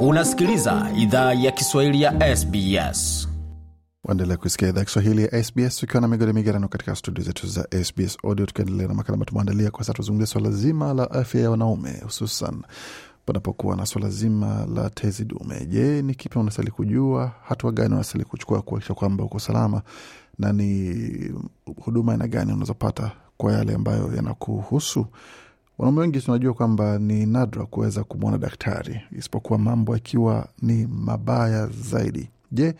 Unasikiliza idhaa ya Kiswahili ya SBS. Waendelea kuisikia idhaa Kiswahili ya SBS tukiwa na migodi migerano katika studio zetu za SBS Audio, tukiendelea na makala ambayo tumeandalia kwa sasa. Tuzungumzia swala zima la afya ya wanaume, hususan panapokuwa na swala zima la tezi dume. Je, ni kipi unastahili kujua? Hatua gani unastahili kuchukua kuakisha kwamba uko salama, na ni huduma aina gani unazopata kwa yale ambayo yanakuhusu Wanaume wengi tunajua kwamba ni nadra kuweza kumwona daktari, isipokuwa mambo yakiwa ni mabaya zaidi. Je,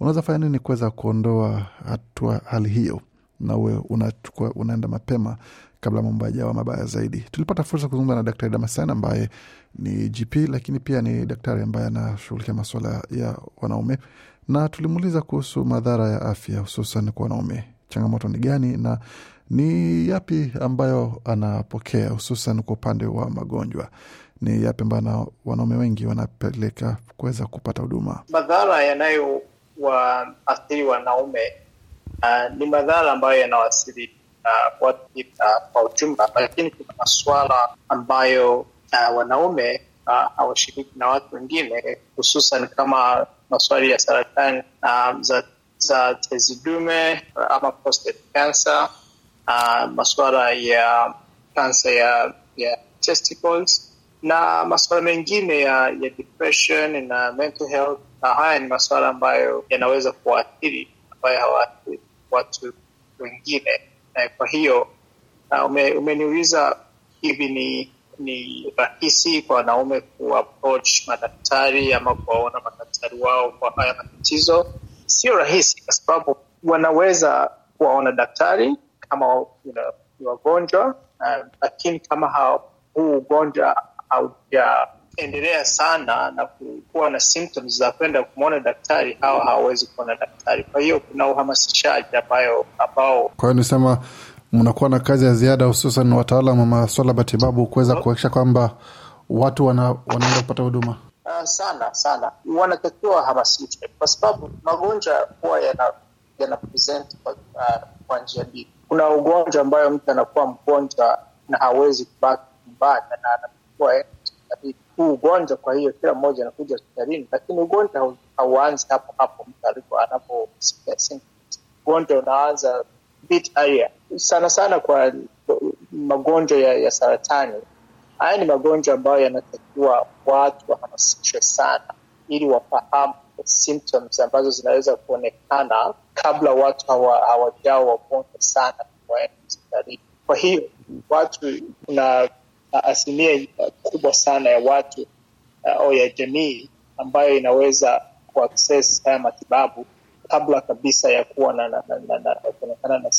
unaweza fanya nini kuweza kuondoa hatua hali hiyo, na uwe unachukua unaenda mapema kabla mambo yajawa mabaya zaidi. Tulipata fursa kuzungumza na Daktari Damasan ambaye ni GP lakini pia ni daktari ambaye anashughulikia masuala ya wanaume, na tulimuuliza kuhusu madhara ya afya hususan kwa wanaume, changamoto ni gani na ni yapi ambayo anapokea hususan kwa upande wa magonjwa? Ni yapi ambayo na wanaume wengi wanapeleka kuweza kupata huduma? Madhara yanayowaathiri wanaume uh, ni madhara ambayo yanawasiri uh, watu uh, kwa ujumla, lakini kuna masuala ambayo uh, wanaume hawashiriki uh, na watu wengine, hususan kama maswali ya saratani uh, za, za tezi dume ama prostate cancer Uh, maswala ya kansa ya, ya testicles na maswala mengine ya, ya depression na mental health. Na haya ni maswala ambayo yanaweza kuwaathiri ambayo hawaathiri watu wengine. na kwa hiyo umeniuliza ume, umeniuliza hivi ni ni rahisi kwa wanaume kuapproach madaktari ama kuwaona madaktari wao kwa haya matatizo? Sio rahisi, kwa sababu wanaweza kuwaona daktari kama you know, ni wagonjwa uh, lakini kama huu ugonjwa haujaendelea sana na kuwa na symptoms za kwenda kumwona daktari, hawa hawawezi kuona daktari. Kwa hiyo kuna uhamasishaji ambayo ambao, kwa hiyo nisema mnakuwa na kazi ya ziada, hususan wataalam wa maswala matibabu kuweza kuhakikisha kwamba watu wanaenda kupata huduma uh, sana sana, wanatakiwa wahamasishe kwa sababu magonjwa huwa yana, yana kwa, uh, kwa njia mbili kuna ugonjwa ambayo mtu anakuwa mgonjwa na hawezi kubaki nyumbani na anakuwa huu ugonjwa. Kwa hiyo kila mmoja anakuja hospitalini, lakini ugonjwa hauanzi hapo hapo mtu alipo anapo, ugonjwa unaanza bit area. Sana sana kwa magonjwa ya, ya saratani, haya ni magonjwa ambayo yanatakiwa watu wahamasishwe sana, ili wafahamu symptoms ambazo zinaweza kuonekana kabla watu hawajao wagonjwa sana waende hospitalini. Kwa hiyo watu, kuna asilimia kubwa sana ya watu uh, au ya jamii ambayo inaweza kuaccess haya matibabu kabla kabisa ya kuwa na kuonekana na, na, na, na, na, na, na, na,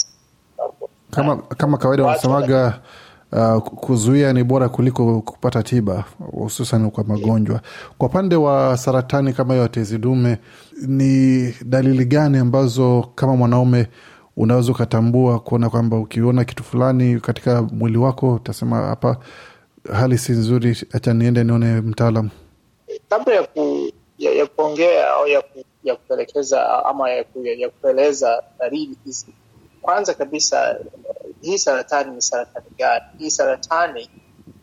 na kama, kama kawaida wanasemaga uh, kuzuia ni bora kuliko kupata tiba, hususan kwa magonjwa. Kwa upande wa saratani kama hiyo tezi dume, ni dalili gani ambazo kama mwanaume unaweza ukatambua kuona kwamba ukiona kitu fulani katika mwili wako utasema hapa hali si nzuri, hacha niende nione mtaalam kabla ya, ku, ya, ya kuongea au ya, ku, ya kupelekeza ama ya, ku, ya, ya kueleza dalili hizi kwanza kabisa hii saratani ni saratani gani? Hii saratani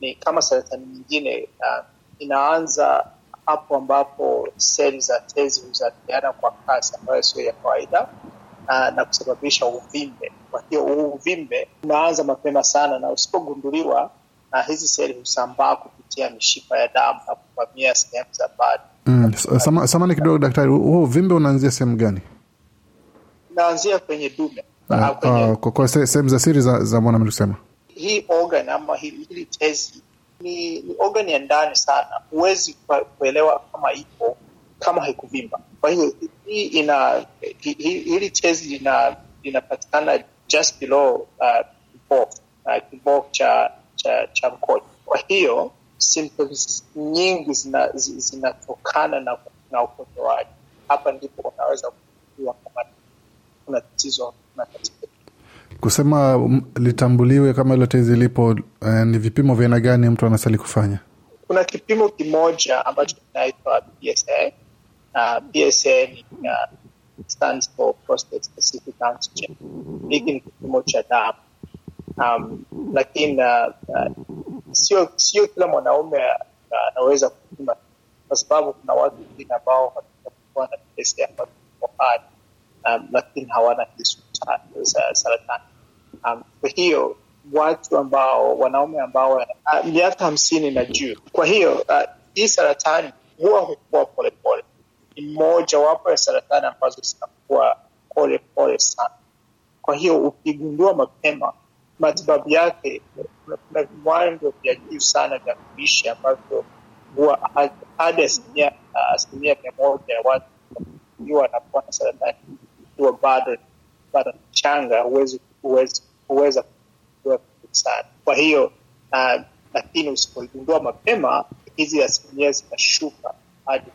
ni kama saratani nyingine, uh, inaanza hapo ambapo seli za tezi huzaliana kwa kasi ambayo sio ya kawaida uh, na kusababisha uvimbe. Kwa hiyo huu uvimbe unaanza mapema sana, na usipogunduliwa na hizi seli husambaa kupitia mishipa ya damu na kuvamia sehemu za badi. Mm, samani kidogo daktari, huo uvimbe unaanzia sehemu gani? Unaanzia kwenye dume Ah, ah, kwa sehemu za siri za, za mwanamli kusema hii organ ama hili tezi ni, ni organ ya ndani sana, huwezi kuelewa kama ipo kama haikuvimba. Kwa hiyo hii ina hili tezi linapatikana just below uh, kibofu uh, cha cha, cha mkojo. Kwa hiyo symptoms nyingi zinatokana zina, na na ukojoaji. Hapa ndipo unaweza kujua kama hakuna tatizo na katiba. Kusema litambuliwe kama hilo tezi lipo, eh, ni vipimo vya aina gani mtu anastali kufanya? Kuna kipimo kimoja ambacho kinaitwa PSA. Uh, BSA ni uh, stands for prostate specific antigen. Hiki ni kipimo cha damu um, lakini uh, uh sio sio kila mwanaume uh, anaweza uh, kupima kwa sababu kuna watu wengine ambao wanakuwa na PSA ambayo um, lakini hawana kisu cha saratani um, kwa hiyo watu ambao wanaume ambao uh, miaka hamsini na juu. Kwa hiyo uh, hii saratani huwa hukua polepole, ni mmojawapo ya saratani ambazo zinakuwa polepole sana. Kwa hiyo ukigundua mapema, matibabu yake kuna viwango vya juu sana vya kuishi ambavyo huwa hadi asilimia mia moja ya watu wanakuwa na saratani ukiwa bado bado mchanga huwezi huweza sana. Kwa hiyo uh, lakini usipoigundua mapema hizi asilimia zinashuka hadi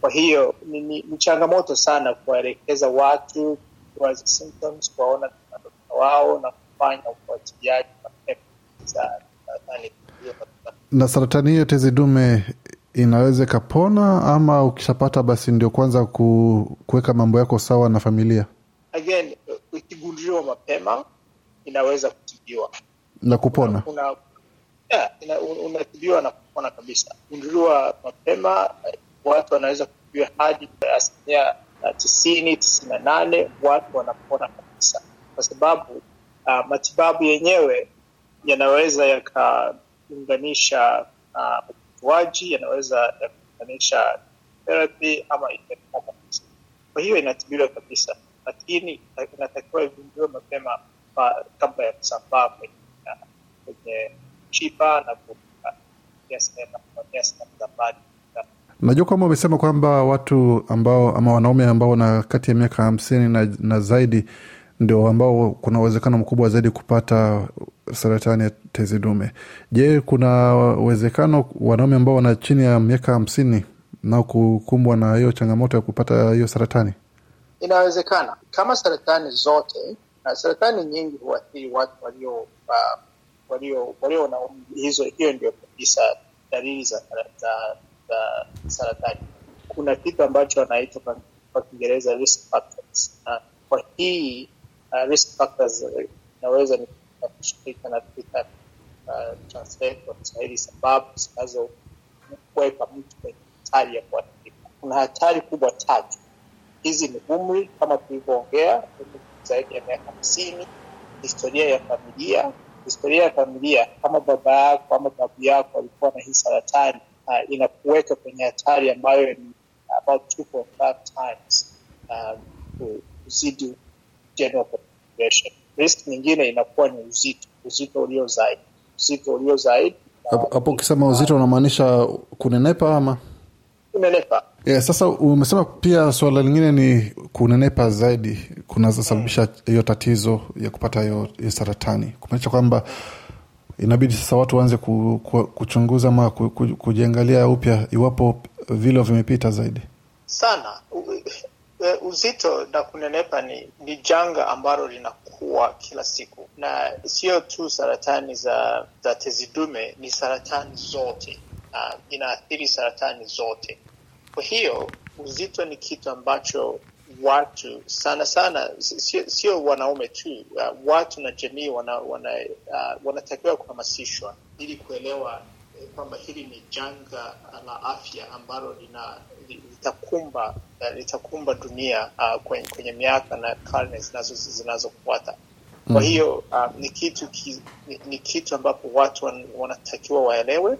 Kwa hiyo ni, ni, ni changamoto sana kuwaelekeza watu kuwaza symptoms, kuwaona wao na kufanya ufuatiliaji mapema na saratani hiyo tezidume inaweza ikapona, ama ukishapata basi ndio kwanza kuweka mambo yako sawa na familia. Again, ikigunduliwa uh, mapema inaweza kutibiwa na kupona yeah, unatibiwa na kupona kabisa. Gunduliwa mapema, uh, watu wanaweza kutibiwa hadi asilimia uh, tisini tisini na nane watu wanapona kabisa, kwa sababu uh, matibabu yenyewe yanaweza yakaunganisha uh, upasuaji, yanaweza yakanisha therapy ama ikatika Kwa hiyo inatibiwa kabisa, lakini inatakiwa igunduliwe mapema kabla ya kusambaa kwenye mshipa na Najua kwamba umesema kwamba watu ambao ama wanaume ambao na kati ya miaka hamsini na, na zaidi ndio ambao kuna uwezekano mkubwa zaidi kupata saratani ya tezi dume. Je, kuna uwezekano wanaume ambao wana chini ya miaka hamsini nao kukumbwa na hiyo changamoto ya kupata hiyo saratani? Inawezekana. Kama saratani zote, na saratani nyingi huathiri watu walio uh, walio walio na hizo, hiyo ndio kabisa dalili za, za, za saratani. Kuna kitu ambacho anaitwa kwa Kiingereza risk factors, na kwa hii uh, risk factors inaweza uh, katika kushirika na vitu uh, transfer kwa Kiswahili, sababu zinazomweka mtu kwenye hatari ya kuathirika. Kuna hatari kubwa tatu, hizi ni umri, kama tulivyoongea, zaidi ya miaka hamsini, historia ya familia. Historia ya familia, kama baba yako ama babu yako alikuwa na hii saratani uh, inakuweka kwenye hatari ambayo ni about times uh, kuzidi general population risk nyingine inakuwa ni uzito, uzito ulio zaidi, uzito ulio zaidi. Hapo ukisema uzito unamaanisha kunenepa ama kunenepa? Yeah, sasa umesema pia suala lingine ni kunenepa zaidi kunazosababisha hiyo mm, tatizo ya kupata hiyo saratani, kumaanisha kwamba inabidi sasa watu waanze ku, ku, kuchunguza ama ku, ku, kujiangalia upya iwapo vilo vimepita zaidi sana Eh, uzito na kunenepa ni, ni janga ambalo linakuwa kila siku, na sio tu saratani za, za tezi dume, ni saratani zote uh, inaathiri saratani zote. Kwa hiyo uzito ni kitu ambacho watu sana sana, sio, sio wanaume tu, uh, watu na jamii eh, wanatakiwa wana, uh, wana kuhamasishwa ili kuelewa kwamba hili ni janga la afya ambalo litakumba litakumba dunia uh, kwenye, kwenye miaka na karne zinazofuata kwa mm. hiyo uh, ni kitu ki, ni, ni kitu ambapo watu wan, wanatakiwa waelewe,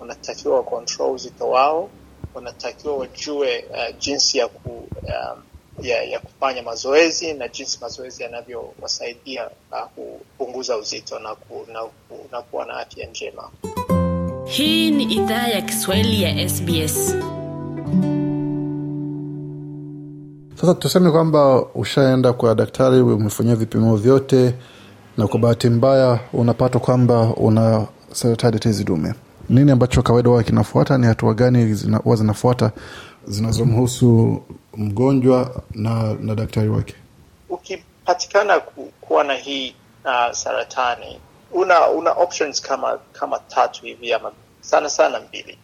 wanatakiwa wa uzito wao, wanatakiwa wajue uh, jinsi ya, ku, um, ya, ya kufanya mazoezi na jinsi mazoezi yanavyowasaidia kupunguza uzito na, ku, na, ku, na kuwa na afya njema. Hii ni idhaa ya Kiswahili ya SBS. Sasa tuseme kwamba ushaenda kwa daktari, umefanyia vipimo vyote, na kwa bahati mbaya unapata kwamba una saratani tezi dume. Nini ambacho kawaida huwa kinafuata? Ni hatua gani huwa zinafuata zinazomhusu mgonjwa na, na daktari wake? Ukipatikana kuwa na hii uh, ah, saratani una una options kama kama tatu hivi ama sana sana mbili.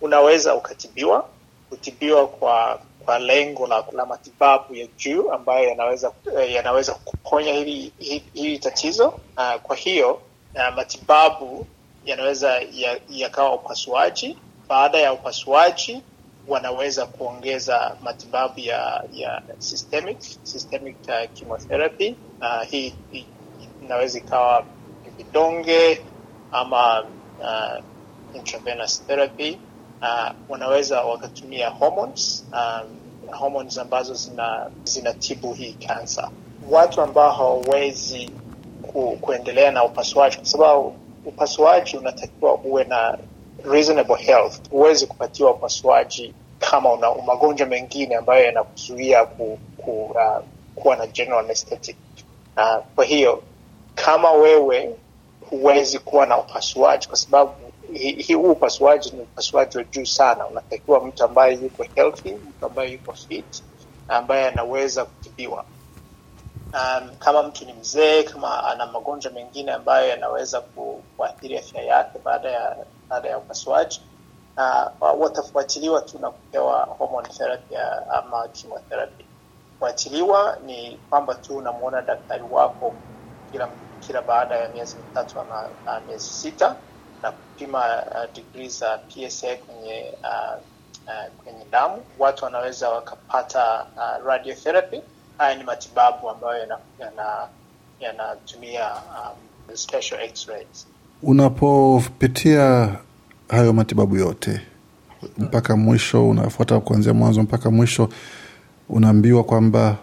Unaweza ukatibiwa, kutibiwa kwa kwa lengo la, la matibabu ya juu ambayo yanaweza eh, yanaweza kuponya hili, hili, hili tatizo. Uh, kwa hiyo uh, matibabu yanaweza yakawa ya upasuaji. Baada ya upasuaji wanaweza kuongeza matibabu ya ya systemic, systemic uh, chemotherapy uh, hii hi, inaweza ikawa vidonge ama uh, intravenous therapy uh, wanaweza wakatumia hormones um, hormones ambazo zina zinatibu hii kansa. Watu ambao hawawezi ku, kuendelea na upasuaji, kwa sababu upasuaji unatakiwa uwe na reasonable health. Huwezi kupatiwa upasuaji kama una magonjwa mengine ambayo yanakuzuia ku, ku, uh, kuwa na general anesthetic. Uh, kwa hiyo kama wewe huwezi kuwa na upasuaji, kwa sababu hii hi, huu upasuaji ni upasuaji wa juu sana. Unatakiwa mtu ambaye yuko healthy, mtu ambaye yuko fit na ambaye anaweza kutibiwa. Um, kama mtu ni mzee, kama ana magonjwa mengine ambayo yanaweza kuathiri afya yake baada ya baada ya upasuaji uh, watafuatiliwa tu na kupewa hormone therapy ama chemotherapy. Kufuatiliwa ni kwamba tu unamwona daktari wako kila kila baada ya miezi mitatu na, na uh, miezi sita na kupima uh, digrii za PSA kwenye uh, uh, kwenye damu. Watu wanaweza wakapata uh, radiotherapy. Haya ni matibabu ambayo yanatumia yana um, special x-rays. Unapopitia hayo matibabu yote mpaka mwisho, unafuata kuanzia mwanzo mpaka mwisho, unaambiwa kwamba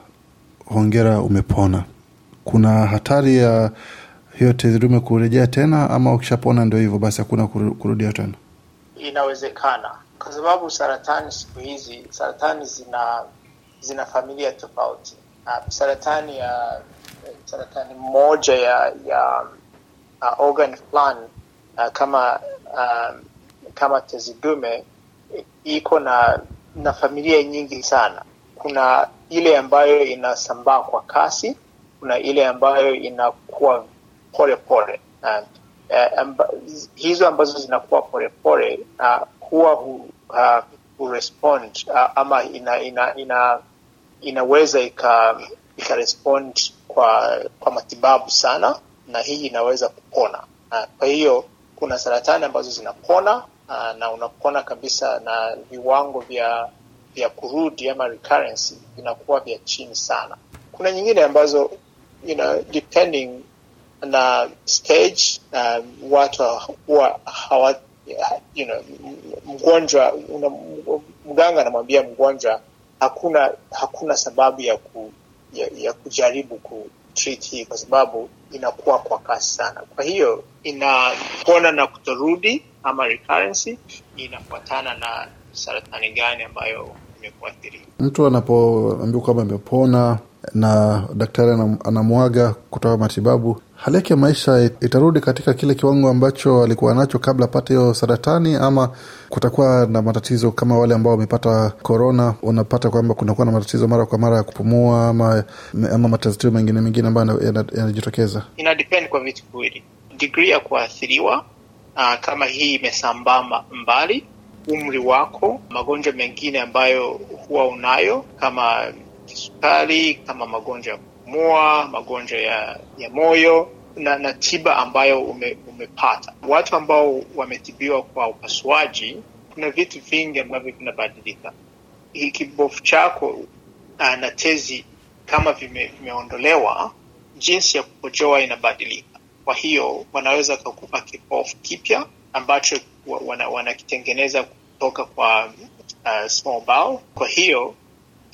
hongera, umepona kuna hatari ya hiyo tezi dume kurejea tena, ama ukishapona ndio hivyo basi hakuna kurudia tena? Inawezekana kwa sababu saratani siku hizi, saratani zina zina familia tofauti. Ah, saratani ya saratani moja ya ya uh, organ plan uh, kama uh, kama tezi dume iko na na familia nyingi sana. Kuna ile ambayo inasambaa kwa kasi kuna ile ambayo inakuwa pole pole. Uh, amba, hizo ambazo zinakuwa polepole pole, uh, huwa hu, uh, hurespond uh, ama ina, ina, ina, inaweza ika, ika respond kwa, kwa matibabu sana na hii inaweza kupona uh, kwa hiyo kuna saratani ambazo zinapona uh, na unapona kabisa na viwango vya vya kurudi ama recurrence vinakuwa vya chini sana. Kuna nyingine ambazo you know, depending na stage um, watu uh, what, how, uh, you know, mgonjwa una, mganga anamwambia mgonjwa hakuna hakuna sababu ya, ku, ya, ya kujaribu ku treat hii kwa sababu inakuwa kwa kasi sana. Kwa hiyo inapona na kutorudi ama recurrency inafuatana na saratani gani ambayo imekuathiri. Mtu anapoambiwa kwamba amepona na daktari anamwaga kutoka matibabu, hali yake ya maisha itarudi katika kile kiwango ambacho alikuwa nacho kabla apate hiyo saratani, ama kutakuwa na matatizo kama wale ambao wamepata korona? Unapata kwamba kunakuwa na matatizo mara kwa mara ya kupumua ama, ama matatizo mengine mengine ambayo yanajitokeza. Ina depend kwa vitu viwili, digri ya kuathiriwa uh, kama hii imesambaa mbali, umri wako, magonjwa mengine ambayo huwa unayo kama kisukari kama magonjwa ya kupumua, magonjwa ya, ya moyo na, na tiba ambayo ume, umepata. Watu ambao wametibiwa kwa upasuaji, kuna vitu vingi ambavyo vinabadilika. Hii kibofu chako ah, na tezi kama vime, vimeondolewa, jinsi ya kukojoa inabadilika. Kwa hiyo wanaweza wakakupa kibofu kipya ambacho wanakitengeneza wana kutoka kwa uh, small bowel. Kwa hiyo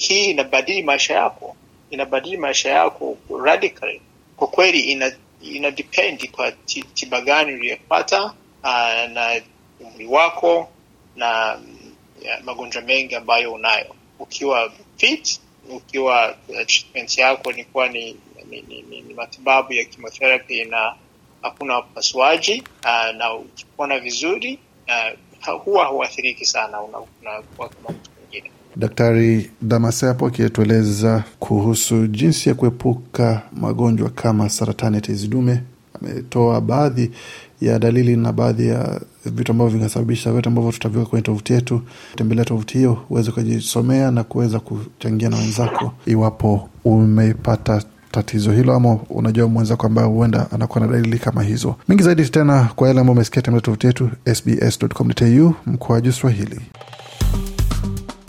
hii inabadili maisha yako, inabadili maisha yako radically. Kwa kweli ina, ina depend kwa tiba gani uliyopata ah, na umri wako na magonjwa mengi ambayo unayo. Ukiwa fit, ukiwa uh, treatment yako ilikuwa ni, ni, ni, ni, ni matibabu ya chemotherapy na hakuna upasuaji ah, na ukipona vizuri, ah, huwa huathiriki sana una, una, una, una, Daktari Damasapo akitueleza kuhusu jinsi ya kuepuka magonjwa kama saratani ya tezi dume, ametoa baadhi ya dalili na baadhi ya vitu ambavyo vinasababisha, vyote ambavyo tutaviweka kwenye tovuti yetu. Tembelea tovuti hiyo uweze kujisomea na kuweza kuchangia na wenzako, iwapo umepata tatizo hilo ama unajua mwenzako ambaye huenda anakuwa na dalili kama hizo. Mingi zaidi tena kwa yale ambao umesikia, tembelea tovuti yetu sbs.com.au mkoa juu Swahili